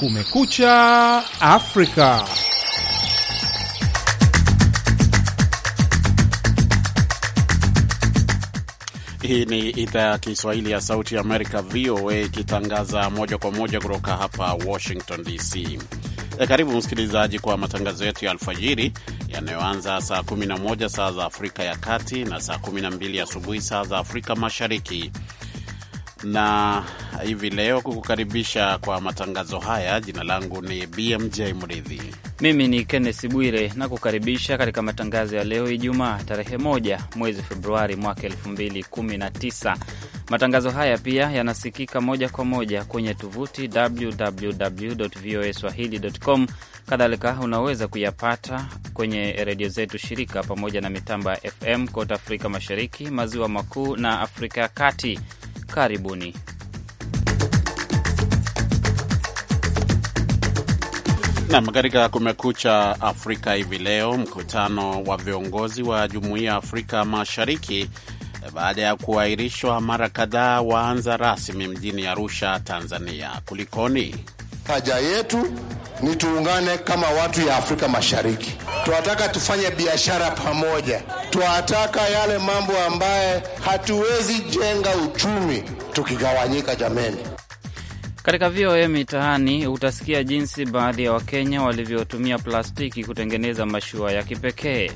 Kumekucha Afrika. Hii ni idhaa ya Kiswahili ya Sauti ya Amerika, VOA, ikitangaza moja kwa moja kutoka hapa Washington DC. E, karibu msikilizaji kwa matangazo yetu ya alfajiri yanayoanza saa 11 saa za Afrika ya Kati na saa 12 asubuhi saa za Afrika Mashariki na hivi leo kukukaribisha kwa matangazo haya. Jina langu ni BMJ Mridhi, mimi ni kennes Bwire na kukaribisha katika matangazo ya leo Ijumaa tarehe moja mwezi Februari mwaka 2019. Matangazo haya pia yanasikika moja kwa moja kwenye tovuti www voa swahili.com. Kadhalika unaweza kuyapata kwenye redio zetu shirika pamoja na mitambo ya FM kote Afrika Mashariki, Maziwa Makuu na Afrika ya Kati. Karibuni. Nam, katika Kumekucha Afrika hivi leo, mkutano wa viongozi wa Jumuiya ya Afrika Mashariki eh, baada ya kuahirishwa mara kadhaa waanza rasmi mjini Arusha, Tanzania. Kulikoni? Haja yetu ni tuungane kama watu ya Afrika Mashariki, tunataka tufanye biashara pamoja twataka yale mambo ambaye hatuwezi jenga uchumi tukigawanyika, jameni. Katika VOA Mitaani utasikia jinsi baadhi ya Wakenya walivyotumia plastiki kutengeneza mashua ya kipekee.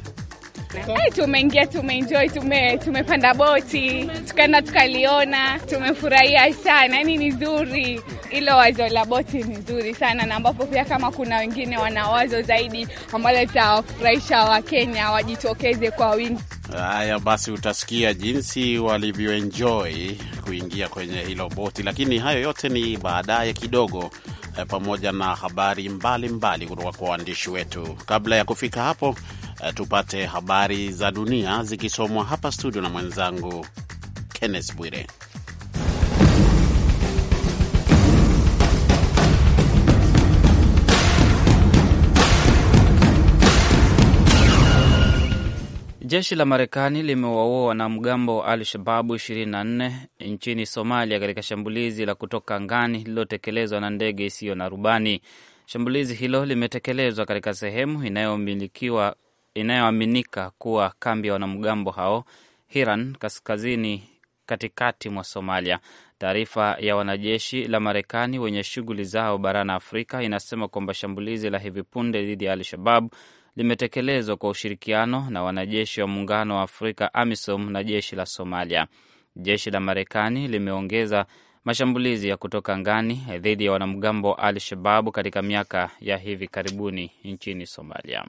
Hey, tumeingia tumeenjoy, tume tumepanda boti tukaenda tukaliona, tumefurahia sana. Yani ni zuri ilo wazo la boti ni zuri sana, na ambapo pia kama kuna wengine wana wazo zaidi ambalo litawafurahisha Wakenya wajitokeze kwa wingi. Haya basi, utasikia jinsi walivyoenjoy kuingia kwenye hilo boti, lakini hayo yote ni baadaye kidogo eh, pamoja na habari mbalimbali kutoka kwa waandishi wetu. Kabla ya kufika hapo Eh, tupate habari za dunia zikisomwa hapa studio na mwenzangu Kenneth Bwire. Jeshi la Marekani limewaua wanamgambo wa Al Shababu 24 nchini Somalia katika shambulizi la kutoka angani lililotekelezwa na ndege isiyo na rubani. Shambulizi hilo limetekelezwa katika sehemu inayomilikiwa inayoaminika kuwa kambi ya wanamgambo hao Hiran, kaskazini katikati mwa Somalia. Taarifa ya wanajeshi la Marekani wenye shughuli zao barani Afrika inasema kwamba shambulizi la hivi punde dhidi ya Al-Shabab limetekelezwa kwa ushirikiano na wanajeshi wa muungano wa Afrika, AMISOM, na jeshi la Somalia. Jeshi la Marekani limeongeza mashambulizi ya kutoka ngani dhidi ya wanamgambo wa Al-Shababu katika miaka ya hivi karibuni nchini Somalia.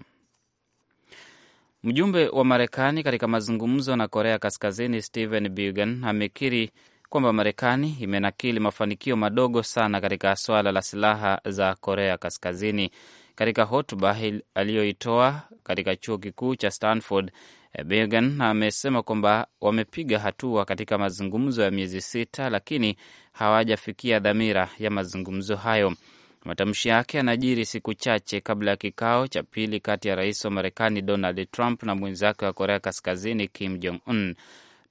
Mjumbe wa Marekani katika mazungumzo na Korea Kaskazini Stephen Biegun amekiri kwamba Marekani imenakili mafanikio madogo sana katika swala la silaha za Korea Kaskazini. Katika hotuba aliyoitoa katika chuo kikuu cha Stanford, Biegun amesema kwamba wamepiga hatua katika mazungumzo ya miezi sita, lakini hawajafikia dhamira ya mazungumzo hayo. Matamshi yake yanajiri siku chache kabla ya kikao cha pili kati ya rais wa Marekani Donald Trump na mwenzake wa Korea Kaskazini Kim Jong Un.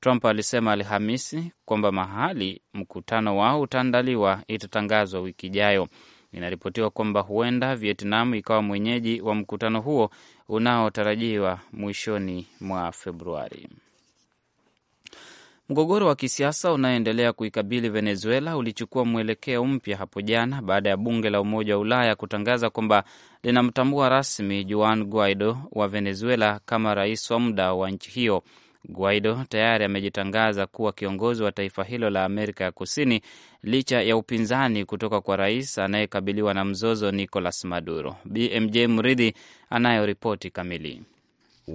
Trump alisema Alhamisi kwamba mahali mkutano wao utaandaliwa itatangazwa wiki ijayo. Inaripotiwa kwamba huenda Vietnam ikawa mwenyeji wa mkutano huo unaotarajiwa mwishoni mwa Februari. Mgogoro wa kisiasa unaoendelea kuikabili Venezuela ulichukua mwelekeo mpya hapo jana baada ya bunge la Umoja wa Ulaya kutangaza kwamba linamtambua rasmi Juan Guaido wa Venezuela kama rais wa muda wa nchi hiyo. Guaido tayari amejitangaza kuwa kiongozi wa taifa hilo la Amerika ya Kusini licha ya upinzani kutoka kwa rais anayekabiliwa na mzozo Nicolas Maduro. BMJ Mridhi anayo ripoti kamili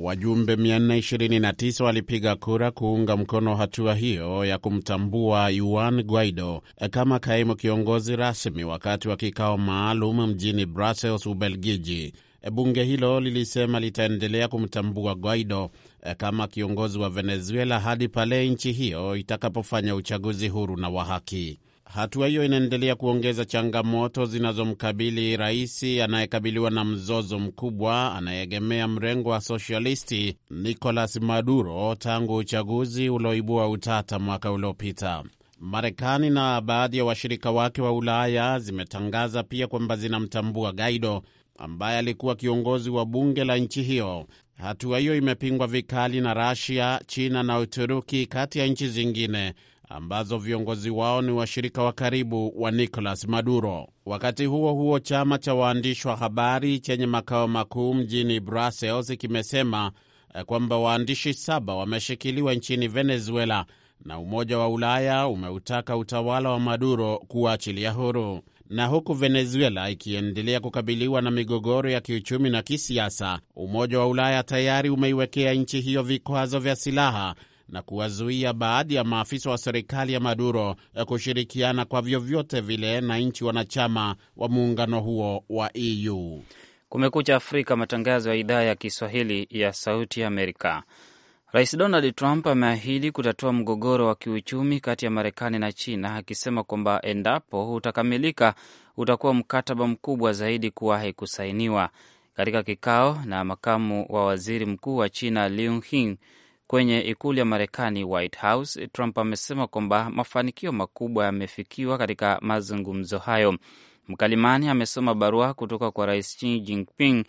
wajumbe 429 walipiga kura kuunga mkono hatua hiyo ya kumtambua Juan Guaido kama kaimu kiongozi rasmi wakati wa kikao maalum mjini Brussels, Ubelgiji. Bunge hilo lilisema litaendelea kumtambua Guaido kama kiongozi wa Venezuela hadi pale nchi hiyo itakapofanya uchaguzi huru na wa haki. Hatua hiyo inaendelea kuongeza changamoto zinazomkabili rais anayekabiliwa na mzozo mkubwa anayeegemea mrengo wa sosialisti Nicolas Maduro tangu uchaguzi ulioibua utata mwaka uliopita. Marekani na baadhi ya washirika wake wa Ulaya zimetangaza pia kwamba zinamtambua gaido ambaye alikuwa kiongozi wa bunge la nchi hiyo. Hatua hiyo imepingwa vikali na Rasia, China na Uturuki kati ya nchi zingine ambazo viongozi wao ni washirika wa karibu wa Nicolas Maduro. Wakati huo huo, chama cha waandishi wa habari chenye makao makuu mjini Brussels kimesema eh, kwamba waandishi saba wameshikiliwa nchini Venezuela na Umoja wa Ulaya umeutaka utawala wa Maduro kuachilia huru. Na huku Venezuela ikiendelea kukabiliwa na migogoro ya kiuchumi na kisiasa, Umoja wa Ulaya tayari umeiwekea nchi hiyo vikwazo vya silaha na kuwazuia baadhi ya maafisa wa serikali ya Maduro eh, kushirikiana kwa vyovyote vile na nchi wanachama wa muungano huo wa EU. Kumekucha Afrika, matangazo ya idhaa ya Kiswahili ya Sauti Amerika. Rais Donald Trump ameahidi kutatua mgogoro wa kiuchumi kati ya Marekani na China, akisema kwamba endapo utakamilika utakuwa mkataba mkubwa zaidi kuwahi kusainiwa. Katika kikao na makamu wa waziri mkuu wa China Liu He Kwenye ikulu ya Marekani, White House, Trump amesema kwamba mafanikio makubwa yamefikiwa katika mazungumzo hayo. Mkalimani amesoma barua kutoka kwa Rais Xi Jinping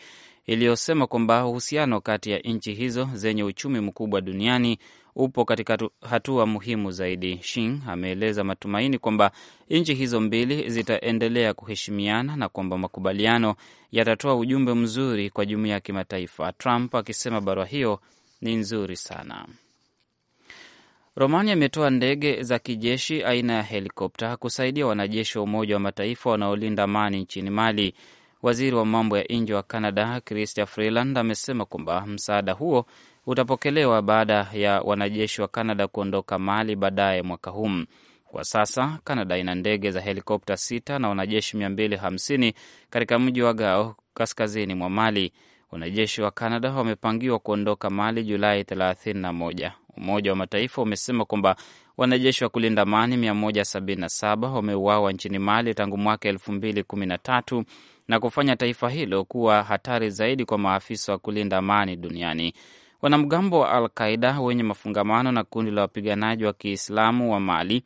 iliyosema kwamba uhusiano kati ya nchi hizo zenye uchumi mkubwa duniani upo katika hatua muhimu zaidi. Shin ameeleza matumaini kwamba nchi hizo mbili zitaendelea kuheshimiana na kwamba makubaliano yatatoa ujumbe mzuri kwa jumuiya ya kimataifa, Trump akisema barua hiyo ni nzuri sana. Romania imetoa ndege za kijeshi aina ya helikopta kusaidia wanajeshi wa Umoja wa Mataifa wanaolinda amani nchini Mali. Waziri wa mambo ya nje wa Canada Chrystia Freeland amesema kwamba msaada huo utapokelewa baada ya wanajeshi wa Canada kuondoka Mali baadaye mwaka huu. Kwa sasa Canada ina ndege za helikopta sita na wanajeshi 250 katika mji wa Gao, kaskazini mwa Mali. Wanajeshi wa Canada wamepangiwa kuondoka Mali Julai 31. Umoja wa Mataifa umesema kwamba wanajeshi wa kulinda amani 177 wameuawa nchini Mali tangu mwaka 2013 na kufanya taifa hilo kuwa hatari zaidi kwa maafisa wa kulinda amani duniani. Wanamgambo wa Al Qaida wenye mafungamano na kundi la wapiganaji wa Kiislamu wa Mali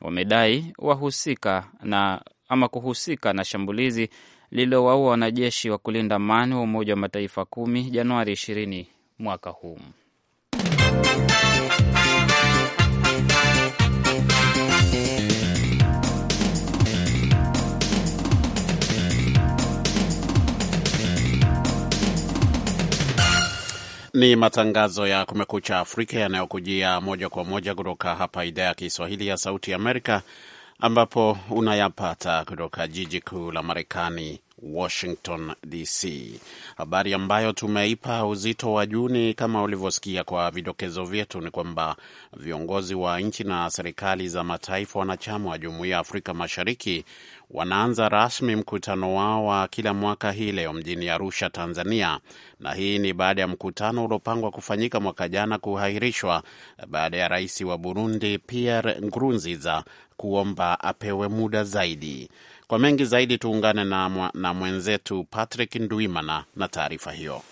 wamedai wahusika na ama kuhusika na shambulizi lililowaua wanajeshi wa kulinda amani wa Umoja wa Mataifa kumi Januari 20 mwaka huu. Ni matangazo ya Kumekucha Afrika yanayokujia moja kwa moja kutoka hapa idhaa ya Kiswahili ya Sauti ya Amerika ambapo unayapata kutoka jiji kuu la Marekani, Washington DC. Habari ambayo tumeipa uzito wa juu ni kama ulivyosikia kwa vidokezo vyetu, ni kwamba viongozi wa nchi na serikali za mataifa wanachama wa Jumuiya ya Afrika Mashariki wanaanza rasmi mkutano wao wa kila mwaka hii leo mjini Arusha, Tanzania, na hii ni baada ya mkutano uliopangwa kufanyika mwaka jana kuahirishwa baada ya rais wa Burundi Pierre Nkurunziza kuomba apewe muda zaidi. Kwa mengi zaidi, tuungane na, na mwenzetu Patrick Ndwimana na taarifa hiyo.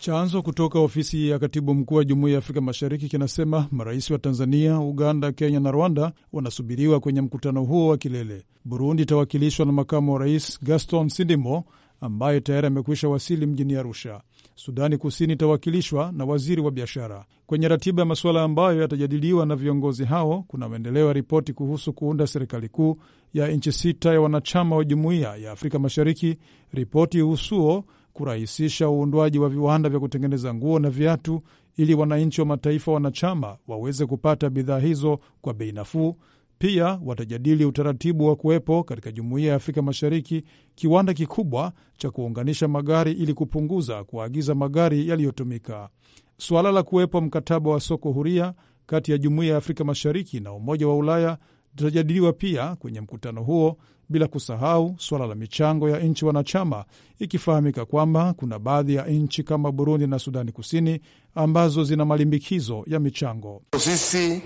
Chanzo kutoka ofisi ya katibu mkuu wa jumuiya ya Afrika Mashariki kinasema marais wa Tanzania, Uganda, Kenya na Rwanda wanasubiriwa kwenye mkutano huo wa kilele. Burundi itawakilishwa na makamu wa rais Gaston Sindimo ambaye tayari amekwisha wasili mjini Arusha. Sudani Kusini itawakilishwa na waziri wa biashara. Kwenye ratiba ya masuala ambayo yatajadiliwa na viongozi hao kuna maendeleo ya ripoti kuhusu kuunda serikali kuu ya nchi sita ya wanachama wa jumuiya ya Afrika Mashariki, ripoti uhusuo kurahisisha uundwaji wa viwanda vya kutengeneza nguo na viatu ili wananchi wa mataifa wanachama waweze kupata bidhaa hizo kwa bei nafuu. Pia watajadili utaratibu wa kuwepo katika jumuiya ya Afrika Mashariki kiwanda kikubwa cha kuunganisha magari ili kupunguza kuagiza magari yaliyotumika. Suala la kuwepo mkataba wa soko huria kati ya jumuiya ya Afrika Mashariki na Umoja wa Ulaya zitajadiliwa pia kwenye mkutano huo, bila kusahau suala la michango ya nchi wanachama, ikifahamika kwamba kuna baadhi ya nchi kama Burundi na Sudani Kusini ambazo zina malimbikizo ya michango. Sisi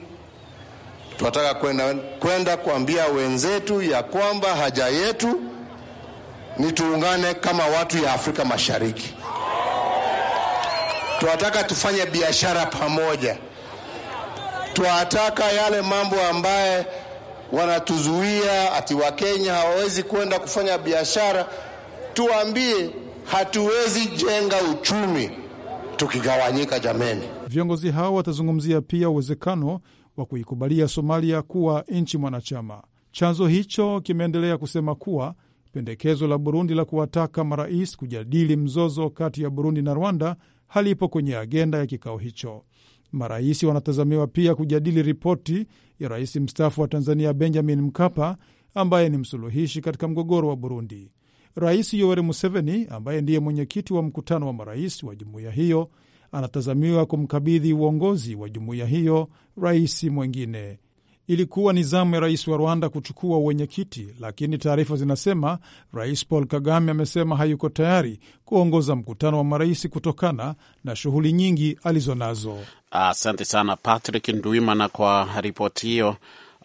tunataka kwenda, kwenda kuambia wenzetu ya kwamba haja yetu ni tuungane kama watu ya Afrika Mashariki. Tunataka tufanye biashara pamoja, tunataka yale mambo ambaye wanatuzuia ati Wakenya hawawezi kwenda kufanya biashara. Tuambie, hatuwezi jenga uchumi tukigawanyika, jameni. Viongozi hao watazungumzia pia uwezekano wa kuikubalia Somalia kuwa nchi mwanachama. Chanzo hicho kimeendelea kusema kuwa pendekezo la Burundi la kuwataka marais kujadili mzozo kati ya Burundi na Rwanda halipo kwenye agenda ya kikao hicho. Marais wanatazamiwa pia kujadili ripoti ya rais mstaafu wa Tanzania Benjamin Mkapa ambaye ni msuluhishi katika mgogoro wa Burundi. Rais Yoweri Museveni ambaye ndiye mwenyekiti wa mkutano wa marais wa jumuiya hiyo anatazamiwa kumkabidhi uongozi wa jumuiya hiyo rais mwengine. Ilikuwa ni zamu ya rais wa Rwanda kuchukua uwenyekiti, lakini taarifa zinasema Rais Paul Kagame amesema hayuko tayari kuongoza mkutano wa marais kutokana na shughuli nyingi alizo nazo Asante sana Patrick Ndwimana kwa ripoti hiyo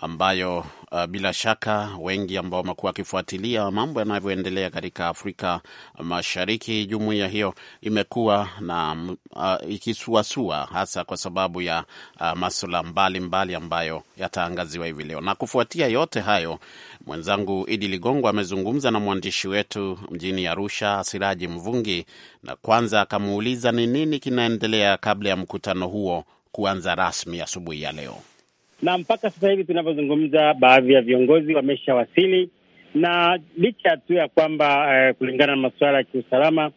ambayo uh, bila shaka wengi ambao wamekuwa wakifuatilia mambo yanavyoendelea katika Afrika Mashariki, jumuiya hiyo imekuwa na mm, uh, ikisuasua hasa kwa sababu ya uh, masuala mbalimbali ambayo yataangaziwa hivi leo. Na kufuatia yote hayo, mwenzangu Idi Ligongo amezungumza na mwandishi wetu mjini Arusha, Siraji Mvungi, na kwanza akamuuliza ni nini kinaendelea kabla ya mkutano huo kuanza rasmi asubuhi ya, ya leo na mpaka sasa hivi tunavyozungumza, baadhi ya viongozi wameshawasili, na licha ya tu ya kwamba eh, kulingana na masuala ya kiusalama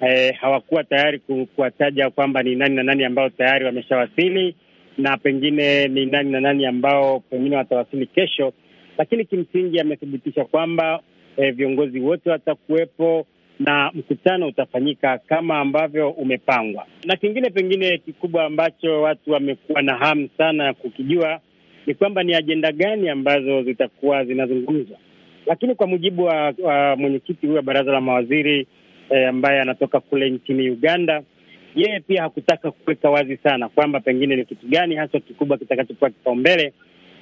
eh, hawakuwa tayari kuwataja kwamba ni nani na nani ambao tayari wameshawasili na pengine ni nani na nani ambao pengine watawasili kesho, lakini kimsingi amethibitisha kwamba eh, viongozi wote watakuwepo na mkutano utafanyika kama ambavyo umepangwa. Na kingine pengine kikubwa ambacho watu wamekuwa na hamu sana ya kukijua ni kwamba ni ajenda gani ambazo zitakuwa zinazungumzwa. Lakini kwa mujibu wa, wa mwenyekiti huyu wa baraza la mawaziri eh, ambaye anatoka kule nchini Uganda, yeye pia hakutaka kuweka wazi sana kwamba pengine ni kitu gani haswa kikubwa kitakachokuwa kipaumbele,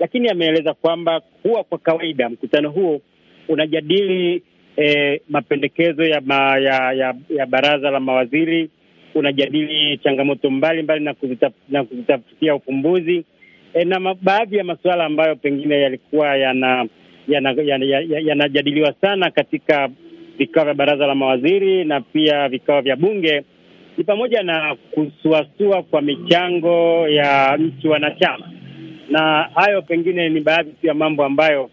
lakini ameeleza kwamba huwa kwa kawaida mkutano huo unajadili eh, mapendekezo ya, ma, ya, ya, ya baraza la mawaziri unajadili changamoto mbalimbali mbali na kuzitafutia ufumbuzi e, na baadhi ya masuala ambayo pengine yalikuwa yanajadiliwa yana, yana, yana sana katika vikao vya baraza la mawaziri na pia vikao vya bunge ni pamoja na kusuasua kwa michango ya nchi wanachama, na hayo pengine ni baadhi tu ya mambo ambayo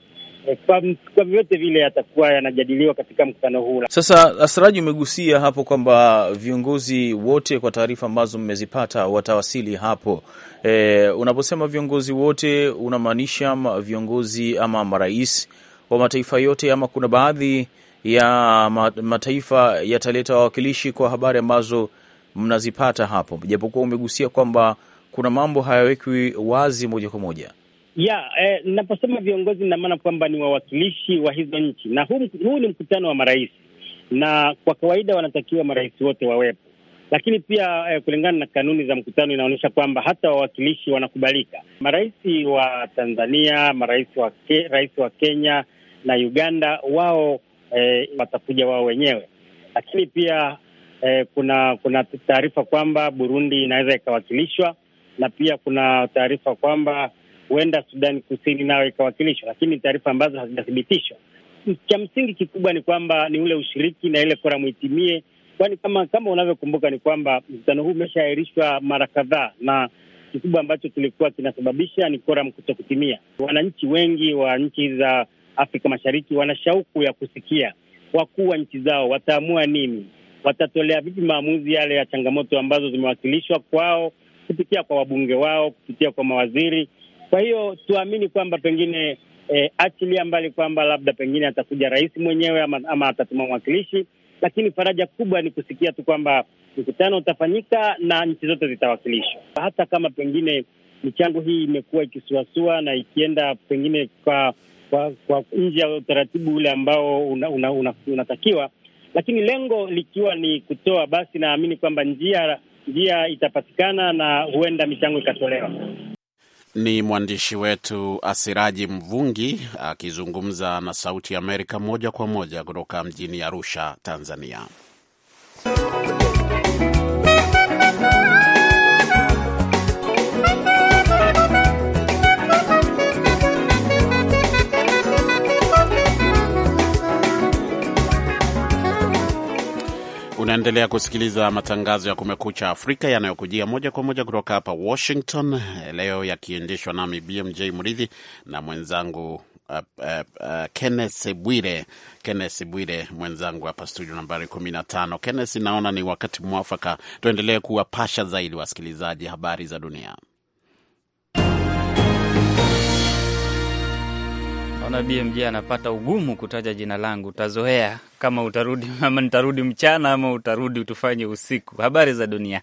kwa vyovyote vile yatakuwa yanajadiliwa katika mkutano huu. Sasa Asraji, umegusia hapo kwamba viongozi wote, kwa taarifa ambazo mmezipata, watawasili hapo. E, unaposema viongozi wote unamaanisha viongozi ama marais wa mataifa yote, ama kuna baadhi ya mataifa yataleta wawakilishi, kwa habari ambazo mnazipata hapo, japokuwa umegusia kwamba kuna mambo hayawekwi wazi moja kwa moja? ya eh, naposema viongozi na maana kwamba ni wawakilishi wa hizo nchi, na huu, huu ni mkutano wa marais, na kwa kawaida wanatakiwa marais wote wawepo, lakini pia eh, kulingana na kanuni za mkutano inaonyesha kwamba hata wawakilishi wanakubalika. Marais wa Tanzania, marais wa ke, rais wa Kenya na Uganda, wao eh, watakuja wao wenyewe, lakini pia eh, kuna kuna taarifa kwamba Burundi inaweza ikawakilishwa na pia kuna taarifa kwamba huenda Sudani Kusini nayo ikawakilishwa, lakini ni taarifa ambazo hazijathibitishwa. Cha msingi kikubwa ni kwamba ni ule ushiriki na ile koramu itimie, kwani kama kama unavyokumbuka ni kwamba mkutano huu umeshaahirishwa mara kadhaa, na kikubwa ambacho kilikuwa kinasababisha ni koramu kuto kutimia. Wananchi wengi wa nchi za Afrika Mashariki wana shauku ya kusikia wakuu wa nchi zao wataamua nini, watatolea vipi maamuzi yale ya changamoto ambazo zimewakilishwa kwao kupitia kwa wabunge wao, kupitia kwa mawaziri kwa hiyo tuamini kwamba pengine e, achilia mbali kwamba labda pengine atakuja rais mwenyewe ama, ama atatuma mwakilishi, lakini faraja kubwa ni kusikia tu kwamba mkutano utafanyika na nchi zote zitawakilishwa, hata kama pengine michango hii imekuwa ikisuasua na ikienda pengine kwa kwa, kwa nje ya utaratibu ule ambao unatakiwa una, una, una, lakini lengo likiwa ni kutoa, basi naamini kwamba njia njia itapatikana na huenda michango ikatolewa. Ni mwandishi wetu Asiraji Mvungi akizungumza na Sauti ya Amerika moja kwa moja kutoka mjini Arusha, Tanzania. Unaendelea kusikiliza matangazo ya Kumekucha Afrika yanayokujia moja kwa moja kutoka hapa Washington, leo yakiendeshwa nami BMJ Mridhi na mwenzangu Uh, uh, uh, Kenneth Bwire, Kenneth Bwire mwenzangu hapa studio nambari 15. Kenneth, naona ni wakati mwafaka tuendelee kuwapasha zaidi wasikilizaji habari za dunia. Naona BMJ anapata ugumu kutaja jina langu, utazoea kama utarudi ama nitarudi mchana ama utarudi tufanye usiku. Habari za dunia.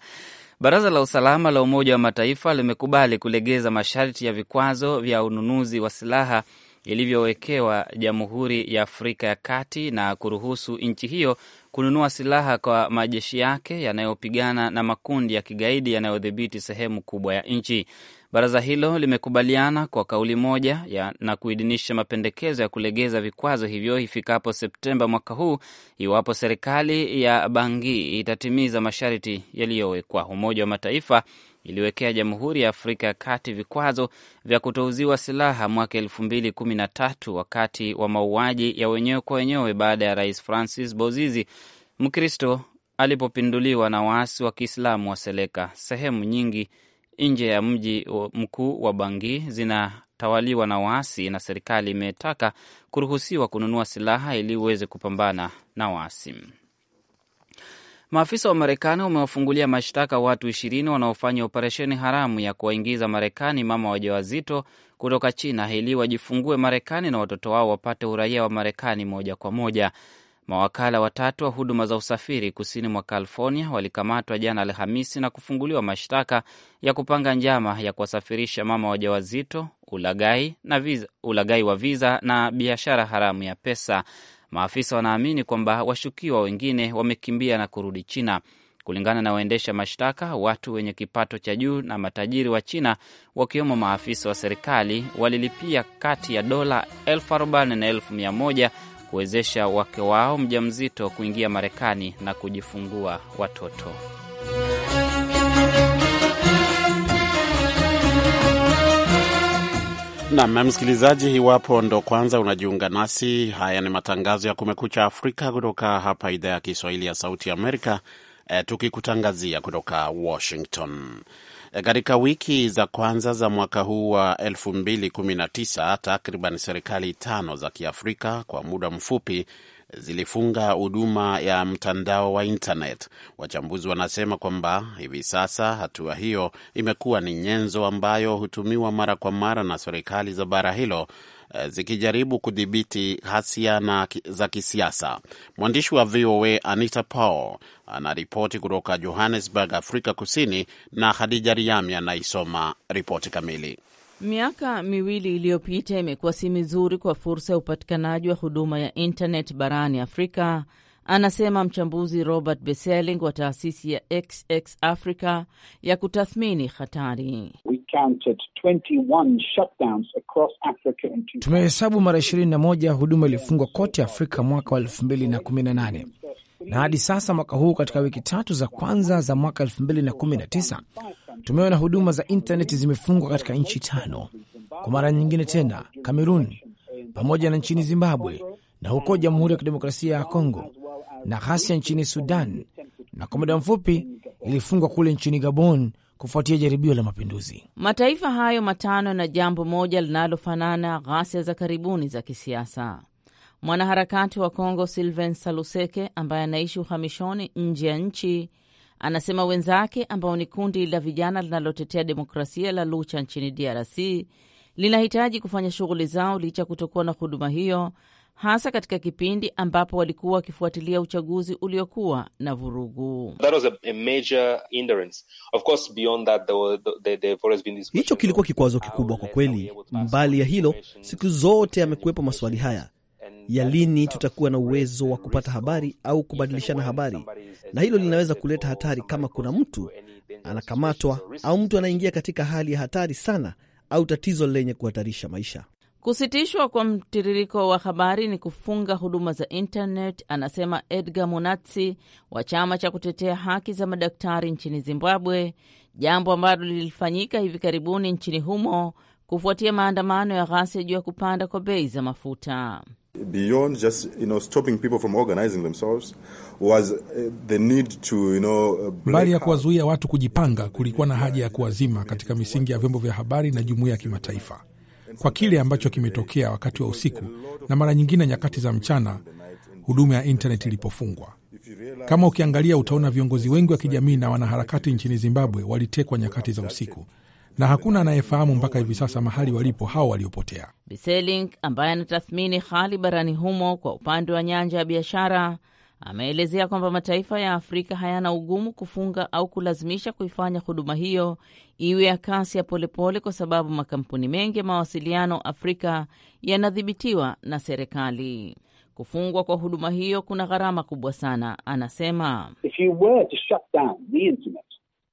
Baraza la usalama la Umoja wa Mataifa limekubali kulegeza masharti ya vikwazo vya ununuzi wa silaha ilivyowekewa Jamhuri ya Afrika ya Kati na kuruhusu nchi hiyo kununua silaha kwa majeshi yake yanayopigana na makundi ya kigaidi yanayodhibiti sehemu kubwa ya nchi. Baraza hilo limekubaliana kwa kauli moja ya na kuidhinisha mapendekezo ya kulegeza vikwazo hivyo ifikapo Septemba mwaka huu iwapo serikali ya Bangi itatimiza masharti yaliyowekwa. Umoja wa Mataifa iliwekea Jamhuri ya Afrika ya Kati vikwazo vya kutouziwa silaha mwaka elfu mbili kumi na tatu wakati wa mauaji ya wenyewe kwa wenyewe baada ya Rais Francis Bozizi Mkristo alipopinduliwa na waasi wa Kiislamu wa Seleka. Sehemu nyingi nje ya mji mkuu wa Bangi zinatawaliwa na waasi na serikali imetaka kuruhusiwa kununua silaha ili uweze kupambana na waasi. Maafisa wa Marekani wamewafungulia mashtaka watu ishirini wanaofanya operesheni haramu ya kuwaingiza Marekani mama wajawazito kutoka China ili wajifungue Marekani na watoto wao wapate uraia wa Marekani moja kwa moja. Mawakala watatu wa huduma za usafiri kusini mwa California walikamatwa jana Alhamisi na kufunguliwa mashtaka ya kupanga njama ya kuwasafirisha mama wajawazito, ulagai na visa, ulagai wa viza na biashara haramu ya pesa. Maafisa wanaamini kwamba washukiwa wengine wamekimbia na kurudi China. Kulingana na waendesha mashtaka, watu wenye kipato cha juu na matajiri wa China wakiwemo maafisa wa serikali walilipia kati ya dola elfu arobaini na elfu mia moja kuwezesha wake wao mjamzito kuingia Marekani na kujifungua watoto. Nam msikilizaji, iwapo ndo kwanza unajiunga nasi, haya ni matangazo ya Kumekucha Afrika kutoka hapa idhaa ya Kiswahili ya Sauti Amerika, eh, tukikutangazia kutoka Washington. Katika wiki za kwanza za mwaka huu wa 2019 takriban serikali tano za Kiafrika kwa muda mfupi zilifunga huduma ya mtandao wa internet. Wachambuzi wanasema kwamba hivi sasa hatua hiyo imekuwa ni nyenzo ambayo hutumiwa mara kwa mara na serikali za bara hilo Eh, zikijaribu kudhibiti ghasia na za kisiasa. Mwandishi wa VOA Anita Powell anaripoti kutoka Johannesburg, Afrika Kusini, na Khadija Riami anaisoma ripoti kamili. Miaka miwili iliyopita imekuwa si mizuri kwa fursa ya upatikanaji wa huduma ya intanet barani Afrika anasema mchambuzi Robert Beseling wa taasisi ya XX Africa ya kutathmini hatari. Tumehesabu mara 21 huduma ilifungwa kote Afrika mwaka wa 2018 na hadi sasa mwaka huu, katika wiki tatu za kwanza za mwaka 2019 tumeona huduma za intaneti zimefungwa katika nchi tano kwa mara nyingine tena, Kamerun pamoja na nchini Zimbabwe na huko Jamhuri ya Kidemokrasia ya Kongo na ghasia nchini Sudan na kwa muda mfupi ilifungwa kule nchini Gabon kufuatia jaribio la mapinduzi. Mataifa hayo matano yana jambo moja linalofanana, ghasia za karibuni za kisiasa. Mwanaharakati wa Kongo Sylvain Saluseke ambaye anaishi uhamishoni nje ya nchi anasema wenzake ambao ni kundi la vijana linalotetea demokrasia la Lucha nchini DRC linahitaji kufanya shughuli zao licha kutokuwa na huduma hiyo hasa katika kipindi ambapo walikuwa wakifuatilia uchaguzi uliokuwa na vurugu. Hicho kilikuwa kikwazo kikubwa kwa kweli. Mbali ya hilo, siku zote amekuwepo maswali haya ya lini tutakuwa na uwezo wa kupata habari au kubadilishana habari, na hilo linaweza kuleta hatari kama kuna mtu anakamatwa au mtu anaingia katika hali ya hatari sana au tatizo lenye kuhatarisha maisha. Kusitishwa kwa mtiririko wa habari ni kufunga huduma za internet, anasema Edgar Munatsi wa chama cha kutetea haki za madaktari nchini Zimbabwe, jambo ambalo lilifanyika hivi karibuni nchini humo kufuatia maandamano ya ghasia juu ya kupanda kwa bei za mafuta. Beyond just, you know, stopping people from organizing themselves was uh, the need to, you know, uh, ya kuwazuia watu kujipanga, kulikuwa na haja ya kuwazima katika misingi ya vyombo vya habari na jumuiya ya kimataifa kwa kile ambacho kimetokea wakati wa usiku na mara nyingine nyakati za mchana huduma ya intanet ilipofungwa. Kama ukiangalia, utaona viongozi wengi wa kijamii na wanaharakati nchini Zimbabwe walitekwa nyakati za usiku na hakuna anayefahamu mpaka hivi sasa mahali walipo hao waliopotea. Biseling ambaye anatathmini hali barani humo kwa upande wa nyanja ya biashara Ameelezea kwamba mataifa ya Afrika hayana ugumu kufunga au kulazimisha kuifanya huduma hiyo iwe ya kasi ya polepole, kwa sababu makampuni mengi ya mawasiliano Afrika yanadhibitiwa na serikali. Kufungwa kwa huduma hiyo kuna gharama kubwa sana, anasema. If you were to shut down the internet,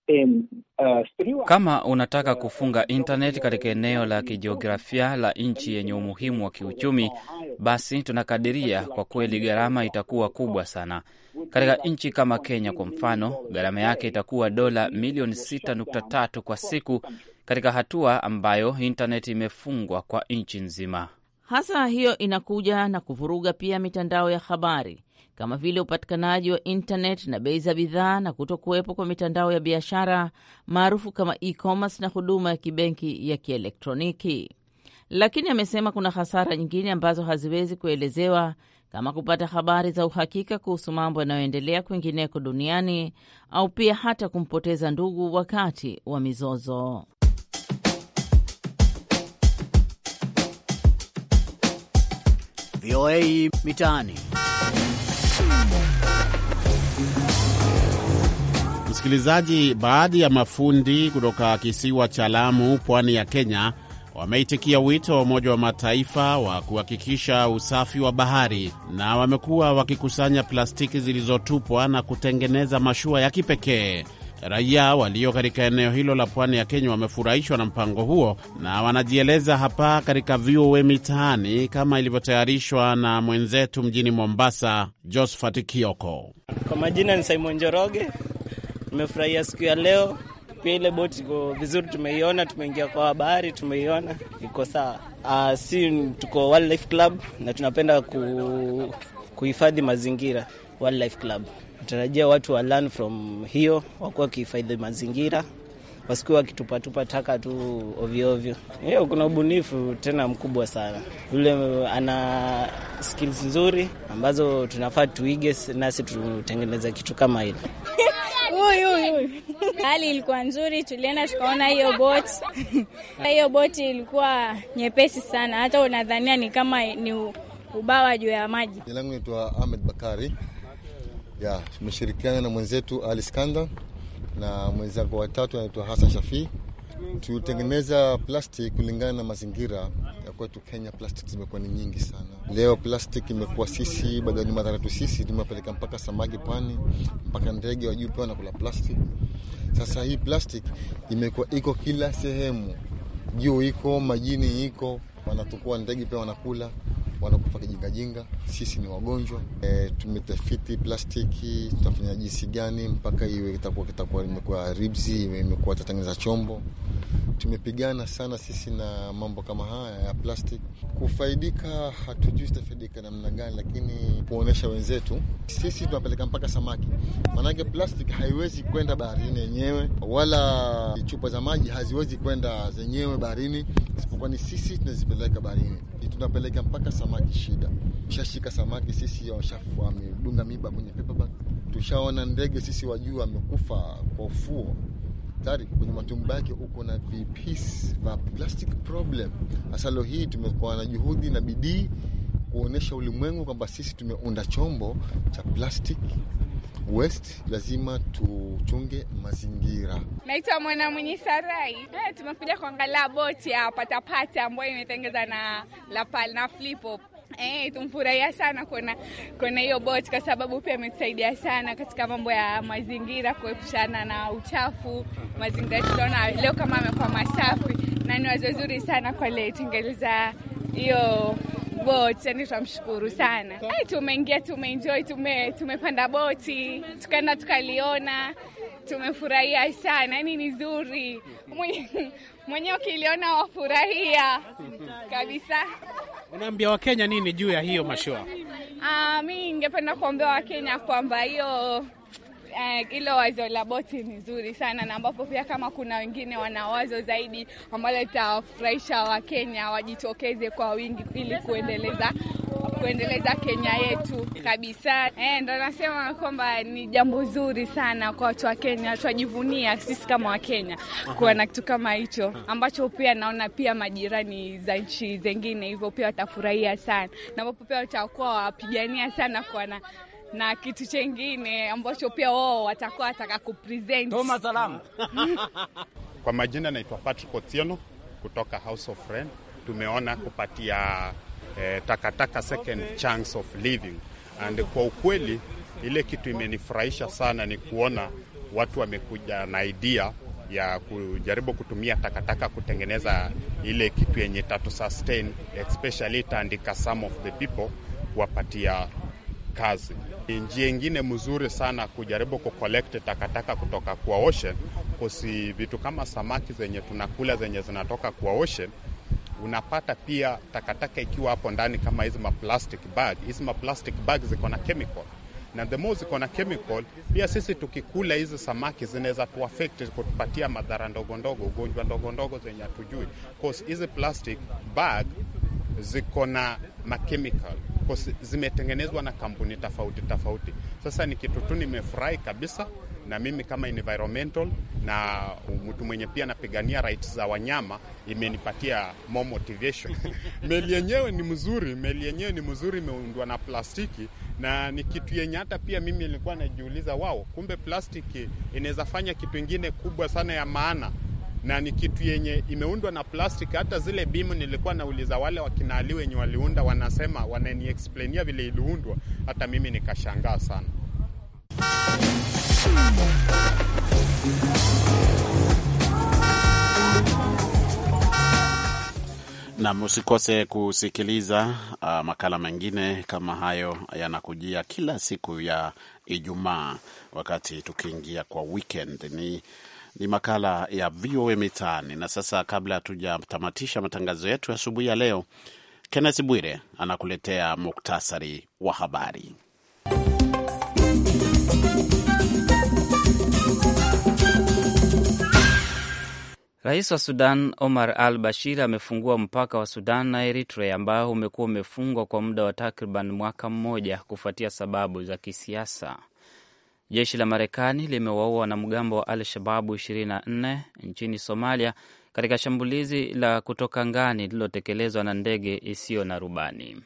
Uh, kama unataka kufunga intaneti katika eneo la kijiografia la nchi yenye umuhimu wa kiuchumi, basi tunakadiria kwa kweli gharama itakuwa kubwa sana. Katika nchi kama Kenya kwa mfano, gharama yake itakuwa dola milioni 6.3 kwa siku, katika hatua ambayo intaneti imefungwa kwa nchi nzima. Hasa hiyo inakuja na kuvuruga pia mitandao ya habari kama vile upatikanaji wa intanet na bei za bidhaa na kuto kuwepo kwa mitandao ya biashara maarufu kama e-commerce na huduma ya kibenki ya kielektroniki. Lakini amesema kuna hasara nyingine ambazo haziwezi kuelezewa kama kupata habari za uhakika kuhusu mambo yanayoendelea kwingineko duniani au pia hata kumpoteza ndugu wakati wa mizozo. VOA Mitaani. Msikilizaji, baadhi ya mafundi kutoka kisiwa cha Lamu, pwani ya Kenya, wameitikia wito wa Umoja wa Mataifa wa kuhakikisha usafi wa bahari na wamekuwa wakikusanya plastiki zilizotupwa na kutengeneza mashua ya kipekee Raia walio katika eneo hilo la pwani ya Kenya wamefurahishwa na mpango huo na wanajieleza hapa katika VOA Mitaani, kama ilivyotayarishwa na mwenzetu mjini Mombasa, Josphat Kioko. Kwa majina ni Simon Njoroge. Tumefurahia siku ya leo, pia ile boti iko vizuri, tumeiona. Tumeingia kwa bahari, tumeiona iko sawa. Uh, si tuko wildlife club na tunapenda ku, kuhifadhi mazingira Wildlife Club. Natarajia watu wa learn from hiyo, wakuwa wakihifadhi mazingira, wasikuwa wakitupatupa taka tu ovyoovyo. Hiyo eh, kuna ubunifu tena mkubwa sana, yule ana skills nzuri ambazo tunafaa tuige, nasi tutengeneze kitu kama hilo. Hali ilikuwa nzuri, tulienda tukaona hiyo boti hiyo boti ilikuwa nyepesi sana, hata unadhania ni kama ni ubawa juu ya maji. Jina langu naitwa Ahmed Bakari ya tumeshirikiana na mwenzetu Ali Skanda na mwenzangu watatu anaitwa Hasan shafi tutengeneza plastic kulingana na mazingira ya kwetu Kenya. Plastic zimekuwa ni nyingi sana. Leo plastic imekuwa sisi, bado ni madhara tu. Sisi tumepeleka mpaka samaki pwani, mpaka ndege wa juu pia wanakula plastic. Sasa hii plastic imekuwa iko kila sehemu, juu iko majini, iko wanatukua ndege pia wanakula wanakufa kijingajinga. Sisi ni wagonjwa e, tumetafiti plastiki, tutafanya jinsi gani mpaka iwe itakuwa kitakuwa imekuwa ribs imekuwa tatengeneza chombo tumepigana sana sisi na mambo kama haya ya plastic. Kufaidika hatujui tutafaidika namna gani, lakini kuonyesha wenzetu sisi tunapeleka mpaka samaki, maanake plastic haiwezi kwenda baharini yenyewe, wala chupa za maji haziwezi kwenda zenyewe baharini, isipokuwa ni sisi tunazipeleka baharini, tunapeleka mpaka samaki. Shida tushashika samaki sisi, washafua wamedunga miba kwenye paperback. Tushaona ndege sisi wajuu wamekufa kwa ufuo daktari, kwenye matumbo yake uko na vipisi vya plastic problem. Hasa leo hii tumekuwa na juhudi na bidii kuonyesha ulimwengu kwamba sisi tumeunda chombo cha plastic West, lazima tuchunge mazingira. Naitwa Mwana Mwenye Sarai. Eh, tumekuja kuangalia boti ya patapata ambayo imetengeza na Lapal na Flipop eh, tumfurahia sana kuona kuona hiyo boti, kwa sababu pia ametusaidia sana katika mambo ya mazingira, kuepushana na uchafu mazingira. Tunaona leo kama amekuwa masafi, na ni wazo zuri sana kwa aliyetengeleza hiyo boti, yani tunamshukuru sana. Eh, tumeingia tumeenjoy, tume tumepanda boti tukaenda tukaliona Tumefurahia sana, yani ni zuri, mwenyewe ukiliona wafurahia kabisa. Unaambia Wakenya nini juu ya hiyo mashua? Ah, mi ningependa kuambia Wakenya kwamba hiyo hilo eh, uh, wazo la boti ni zuri sana, na ambapo pia kama kuna wengine wana wazo zaidi ambalo litawafurahisha Wakenya wajitokeze kwa wingi ili kuendeleza kuendeleza Kenya yetu kabisa. E, ndo nasema kwamba ni jambo zuri sana kwa watu wa Kenya, twajivunia sisi kama Wakenya kuwa na kitu kama hicho ambacho pia naona pia majirani za nchi zengine hivyo pia watafurahia sana, na wapo pia watakuwa wapigania sana kuwa na na kitu chengine ambacho pia wao watakuwa wataka kupresent. Toma salamu. Kwa majina naitwa Patrick Otieno kutoka House of Friend. Tumeona kupatia eh, takataka second chance of living. And kwa ukweli ile kitu imenifurahisha sana ni kuona watu wamekuja na idea ya kujaribu kutumia takataka kutengeneza ile kitu yenye tatu sustain especially itaandika some of the people kuwapatia kazi. Njia ingine mzuri sana kujaribu kucollect takataka kutoka kwa ocean, kusi vitu kama samaki zenye tunakula zenye zinatoka kwa ocean unapata pia takataka ikiwa hapo ndani kama hizi maplastic bag. Hizi maplastic bag ziko na chemical na the more ziko na chemical pia, sisi tukikula hizi samaki zinaweza tuaffect kutupatia madhara ndogo ndogo, ugonjwa ndogo ndogo zenye hatujui, cause hizi plastic bag ziko na machemical cause zimetengenezwa na kampuni tofauti tofauti. Sasa ni kitu tu nimefurahi kabisa, na mimi kama environmental na mtu mwenye pia napigania rights za wanyama imenipatia more motivation. Meli yenyewe ni mzuri, meli yenyewe ni mzuri, imeundwa na plastiki na ni kitu yenye hata pia mimi nilikuwa najiuliza, wao kumbe plastiki inaweza fanya kitu ingine kubwa sana ya maana na ni kitu yenye imeundwa na plastiki. Hata zile bimu nilikuwa nauliza wale wakina wenye waliunda, wanasema wananiexplainia vile iliundwa, hata mimi nikashangaa sana. na msikose kusikiliza uh, makala mengine kama hayo yanakujia kila siku ya Ijumaa wakati tukiingia kwa weekend. Ni, ni makala ya VOA Mitaani. Na sasa kabla hatujatamatisha matangazo yetu asubuhi ya leo, Kenneth Bwire anakuletea muktasari wa habari. Rais wa Sudan Omar al Bashir amefungua mpaka wa Sudan na Eritrea ambao umekuwa umefungwa kwa muda wa takriban mwaka mmoja kufuatia sababu za kisiasa. Jeshi la Marekani limewaua wanamgambo wa al Shababu 24 nchini Somalia katika shambulizi la kutoka ngani lililotekelezwa na ndege isiyo na rubani.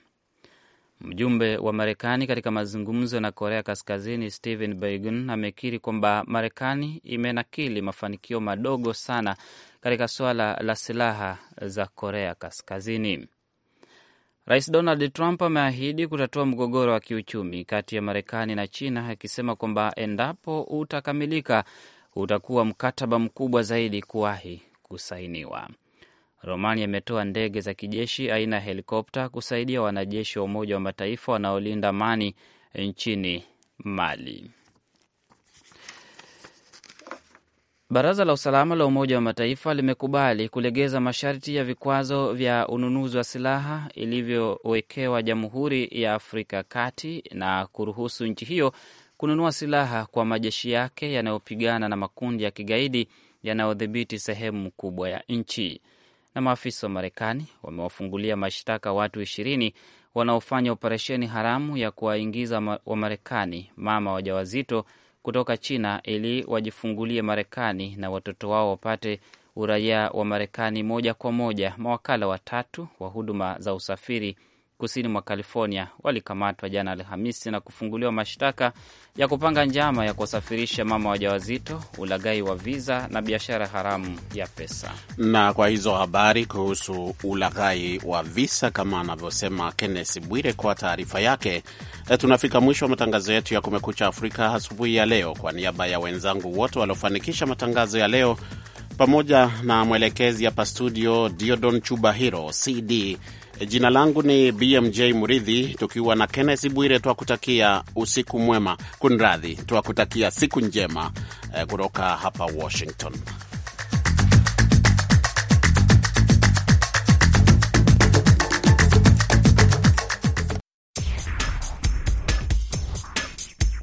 Mjumbe wa Marekani katika mazungumzo na Korea Kaskazini Stephen Biegun amekiri kwamba Marekani imenakili mafanikio madogo sana katika suala la silaha za Korea Kaskazini. Rais Donald Trump ameahidi kutatua mgogoro wa kiuchumi kati ya Marekani na China, akisema kwamba endapo utakamilika utakuwa mkataba mkubwa zaidi kuwahi kusainiwa. Romania imetoa ndege za kijeshi aina ya helikopta kusaidia wanajeshi wa Umoja wa Mataifa wanaolinda amani nchini Mali. Baraza la usalama la Umoja wa Mataifa limekubali kulegeza masharti ya vikwazo vya ununuzi wa silaha ilivyowekewa Jamhuri ya Afrika Kati na kuruhusu nchi hiyo kununua silaha kwa majeshi yake yanayopigana na makundi ya kigaidi yanayodhibiti sehemu kubwa ya nchi na maafisa wa Marekani wamewafungulia mashtaka watu ishirini wanaofanya operesheni haramu ya kuwaingiza Wamarekani mama wajawazito kutoka China ili wajifungulie Marekani na watoto wao wapate uraia wa Marekani moja kwa moja. Mawakala watatu wa huduma za usafiri kusini mwa California walikamatwa jana Alhamisi na kufunguliwa mashtaka ya kupanga njama ya kuwasafirisha mama wajawazito, ulaghai wa viza na biashara haramu ya pesa. Na kwa hizo habari kuhusu ulaghai wa visa kama anavyosema kennes Bwire kwa taarifa yake, eh, tunafika mwisho wa matangazo yetu ya Kumekucha Afrika asubuhi ya leo. Kwa niaba ya wenzangu wote waliofanikisha matangazo ya leo pamoja na mwelekezi hapa studio Diodon Chubahiro CD Jina langu ni BMJ Muridhi, tukiwa na kennesi Bwire, twakutakia usiku mwema, kunradhi, twakutakia siku njema eh, kutoka hapa Washington.